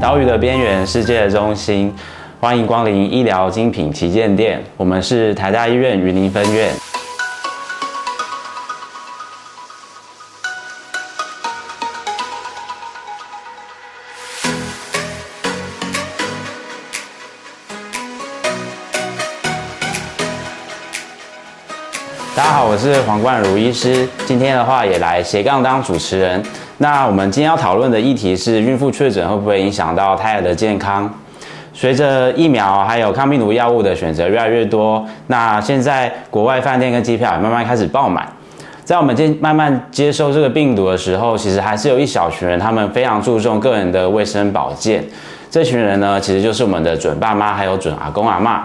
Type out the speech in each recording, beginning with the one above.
島嶼的邊緣，世界的中心，歡迎光臨醫療精品旗艦店。我們是台大醫院雲林分院。大家好，我是黃冠儒醫師，今天的話也來斜槓當主持人。那我們今天要討論的議題是，孕婦確診會不會影響到胎兒的健康？隨着疫苗還有抗病毒藥物的選擇越來越多，那現在國外飯店跟機票也慢慢開始爆滿。在我們接慢慢接受這個病毒的時候，其實還是有一小群人，他們非常注重個人的衛生保健。這群人呢，其實就是我們的準爸媽還有準阿公阿嬤。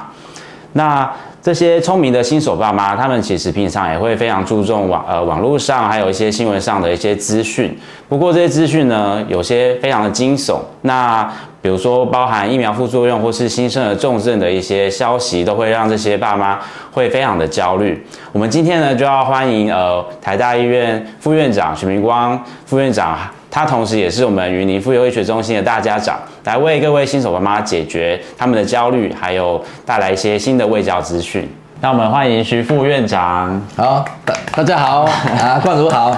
那這些聰明的新手爸媽，他們其實平常也會非常注重網呃網絡上還有一些新聞上的一些資訊。不過這些資訊呢，有些非常的驚悚。那比如說包含疫苗副作用或是新生兒重症的一些消息，都會讓這些爸媽會非常的焦慮。我們今天呢，就要歡迎呃台大醫院副院長徐明洸副院長。他同時也是我們雲林婦幼醫學中心的大家長，來為各位新手媽媽解決他們的焦慮，還有帶來一些新的衛教資訊。那我們歡迎徐副院長。好，大家好 啊，冠儒好，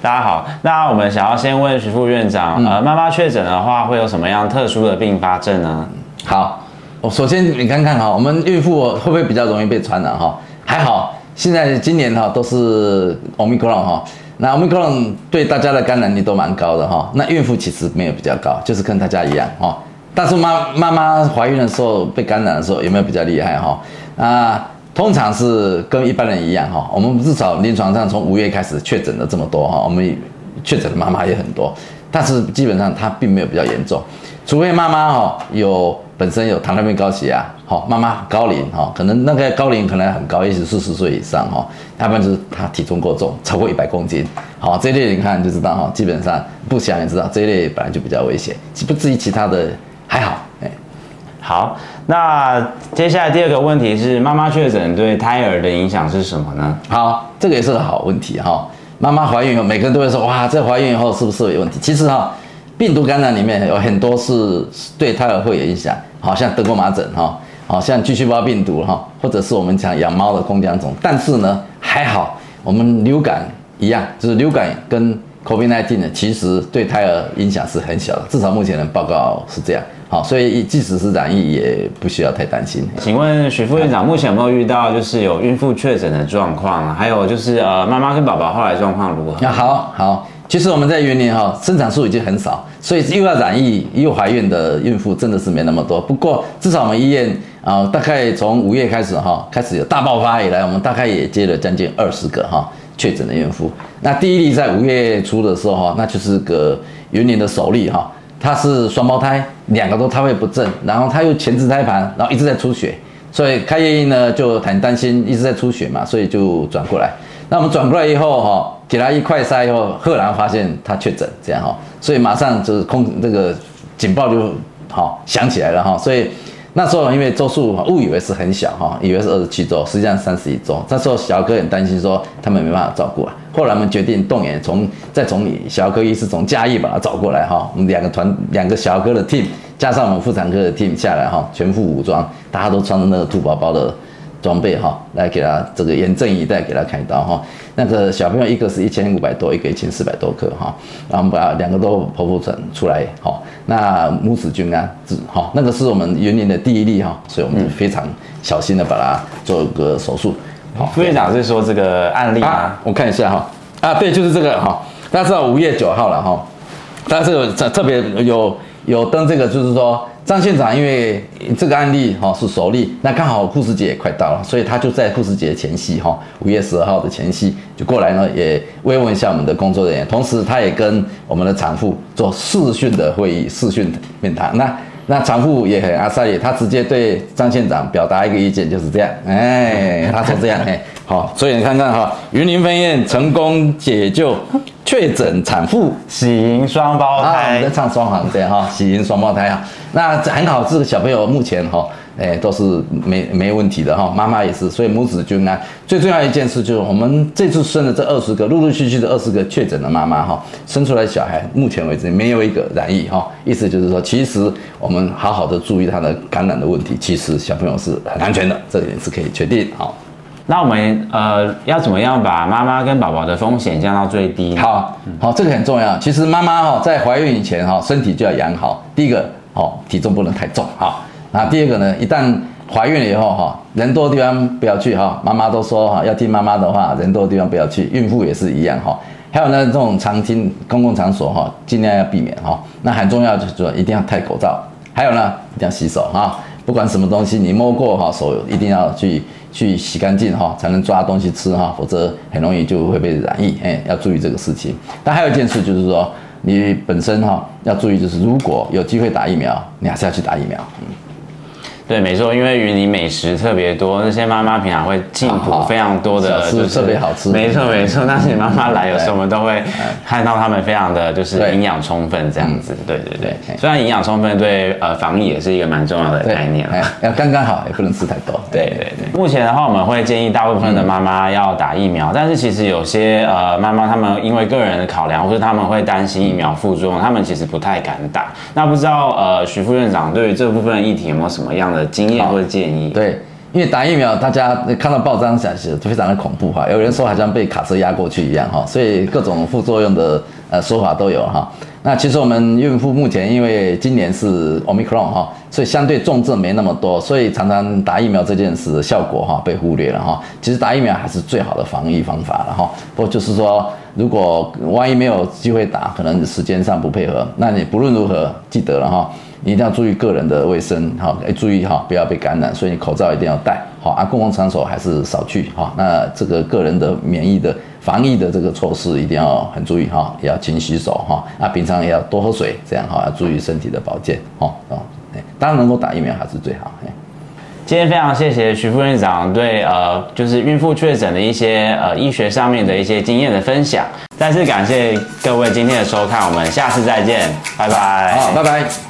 大家好。那我們想要先問徐副院長，嗯、呃，媽媽確診的話，會有什麼樣特殊的并發症呢？好，我首先你看看哈，我們孕婦會不會比較容易被傳染哈？還好，現在今年哈都是 Omicron 哈。那我們可能對大家的感染率都蠻高的哈，那孕婦其實沒有比較高，就是跟大家一樣哦。但是媽媽媽懷孕的時候被感染的時候有沒有比較厲害哈？啊，通常是跟一般人一樣哈。我們至少臨床上從五月開始確診了這麼多哈，我們確診的媽媽也很多，但是基本上她並沒有比較嚴重，除非媽媽哦有本身有糖尿病、高血壓。好，媽媽高齡哈，可能那個高齡可能很高，也許四十歲以上哈，要不然就是她體重過重，超過一百公斤。好，這一類你看就知道哈，基本上不想也知道，這一類本來就比較危險，不至於其他的還好。哎、好，那接下來第二個問題是，媽媽確診對胎兒的影響是什麼呢？好，這個也是個好問題哈。媽媽懷孕以後，每個人都會說哇，這懷孕以後是不是有問題？其實哈，病毒感染裡面有很多是對胎兒會有影響，好像德國麻疹哈。好像巨細胞病毒哈，或者是我們講養貓的弓漿蟲，但是呢還好，我們流感一樣，就是流感跟 COVID-19，其實對胎兒影響是很小的，至少目前的報告是這樣。好，所以即使是染疫，也不需要太擔心。請問徐副院長，目前有沒有遇到就是有孕婦確診的狀況？還有就是呃，媽媽跟寶寶後來狀況如何？好、啊、好。好其實我們在雲林哈、哦，生產數已經很少，所以又要染疫又懷孕的孕婦真的是沒那麼多。不過至少我們醫院啊、呃，大概從五月開始哈、哦，開始有大爆發以來，我們大概也接了將近二十個哈、哦、確診的孕婦。那第一例在五月初的時候哈、哦，那就是個雲林的首例哈，她、哦、是雙胞胎，兩個都胎位不正，然後她又前置胎盤，然後一直在出血，所以開業醫呢就很擔心一直在出血嘛，所以就轉過來。那我們轉過來以後，哈，給他一快篩，以後赫然發現他確診，這樣哈，所以馬上就是空這個警報就好響起來了哈。所以那時候因為周數誤以為是很小哈，以為是二十七周，實際上三十一周。那時候小兒科很擔心說他們沒辦法照顧了。後來我們決定動員從再從小兒科醫師從嘉義把他找過來哈，我們兩個團兩個小兒科的 team 加上我們婦產科的 team 下來哈，全副武裝，大家都穿着那個兔寶寶的，裝備哈，來給他這個嚴陣以待，給他開刀哈。那個小朋友一個是一千五百多，一個一千四百多克哈。然後我們把兩個都剖腹產出來哈。那母子均安是，好，那個是我們雲林的第一例哈，所以我們就非常小心的把它做個手術。副院、嗯、對長是說這個案例啊，我看一下哈。啊，對，就是這個哈。大家知道五月九號了哈，大家這個特別有。有登，這個就是說，張縣長因為這個案例哈是首例，那剛好護士節也快到了，所以他就在護士節前夕哈，五月十二號的前夕就過來呢，也慰問一下我們的工作人員，同時他也跟我們的產婦做視訊的會議視訊的面談。那那產婦也很阿塞，他直接對張縣長表達一個意見，就是這樣，哎，他說這樣，哎好，所以你看看哈，雲林分院成功解救確診產婦，喜迎雙胞胎、啊，我們在唱雙簧對哈，喜迎雙胞胎哈， 那很好，這個小朋友目前哈、哎，都是沒沒問題的哈，媽媽也是，所以母子均安，最重要一件事就是我們這次生了這二十個，陸陸續續的二十個確診的媽媽哈，生出來小孩目前為止沒有一個染疫哈，意思就是說，其實我們好好的注意他的感染的問題，其實小朋友是很安全的，這點是可以確定哈。那我們呃要怎麼樣把媽媽跟寶寶的風險降到最低呢？好好，這個很重要。其實媽媽哈、哦、在懷孕以前哈、哦、身體就要養好。第一個哦體重不能太重哈。好那第二個呢，一旦懷孕了以後哈、哦、人多的地方不要去哈。媽媽都說哈，要聽媽媽的話，人多的地方不要去，孕婦也是一樣哈。還有呢，這種餐廳、公共場所哈、哦、盡量要避免哈。那很重要就是說，一定要戴口罩，還有呢，一定要洗手哈。哦不管什麼東西，你摸過哈手，一定要去去洗乾淨哈，才能抓東西吃哈，否則很容易就會被染疫。哎，要注意這個事情。但還有一件事就是說，你本身哈要注意，就是如果有機會打疫苗，你還是要去打疫苗。嗯。對，沒錯，因為雲林美食特別多，那些媽媽平常會進補非常多的，就是特別好吃。沒錯沒錯，那你媽媽來有時候我們都會看到他們非常的就是營養充分這樣子，對，對對對。嗯、雖然營養充分對、嗯、呃防疫也是一個蠻重要的概念呀，要剛剛好，也不能吃太多。對對，對對。目前的話，我們會建議大部分的媽媽要打疫苗，嗯、但是其實有些呃媽媽她們因為個人的考量，或者他們會擔心疫苗副作用，她們其實不太敢打。那不知道呃徐副院長對於這部分議題有沒有什麼樣的經驗或者建議，對，因為打疫苗，大家看到報章想起來就非常的恐怖哈，有人說好像被卡車壓過去一樣哈，所以各種副作用的呃說法都有哈。那其實我們孕婦目前因為今年是 Omicron 哈，所以相對重症沒那麼多，所以常常打疫苗這件事的效果哈被忽略了哈。其實打疫苗還是最好的防疫方法了哈。不過就是說。如果萬一沒有機會打，可能時間上不配合，那你不論如何，記得了哈，你一定要注意個人的衛生哈，注意哈，不要被感染，所以你口罩一定要戴好啊，公共場所還是少去哈。那這個個人的免疫的防疫的這個措施一定要很注意哈，也要勤洗手哈，啊，平常也要多喝水，這樣哈，要注意身體的保健哈啊，當然能夠打疫苗還是最好。今天非常謝謝徐副院長對呃，就是孕婦確診的一些呃醫學上面的一些經驗的分享。再次感謝各位今天的收看，我們下次再見，拜拜。好，拜拜。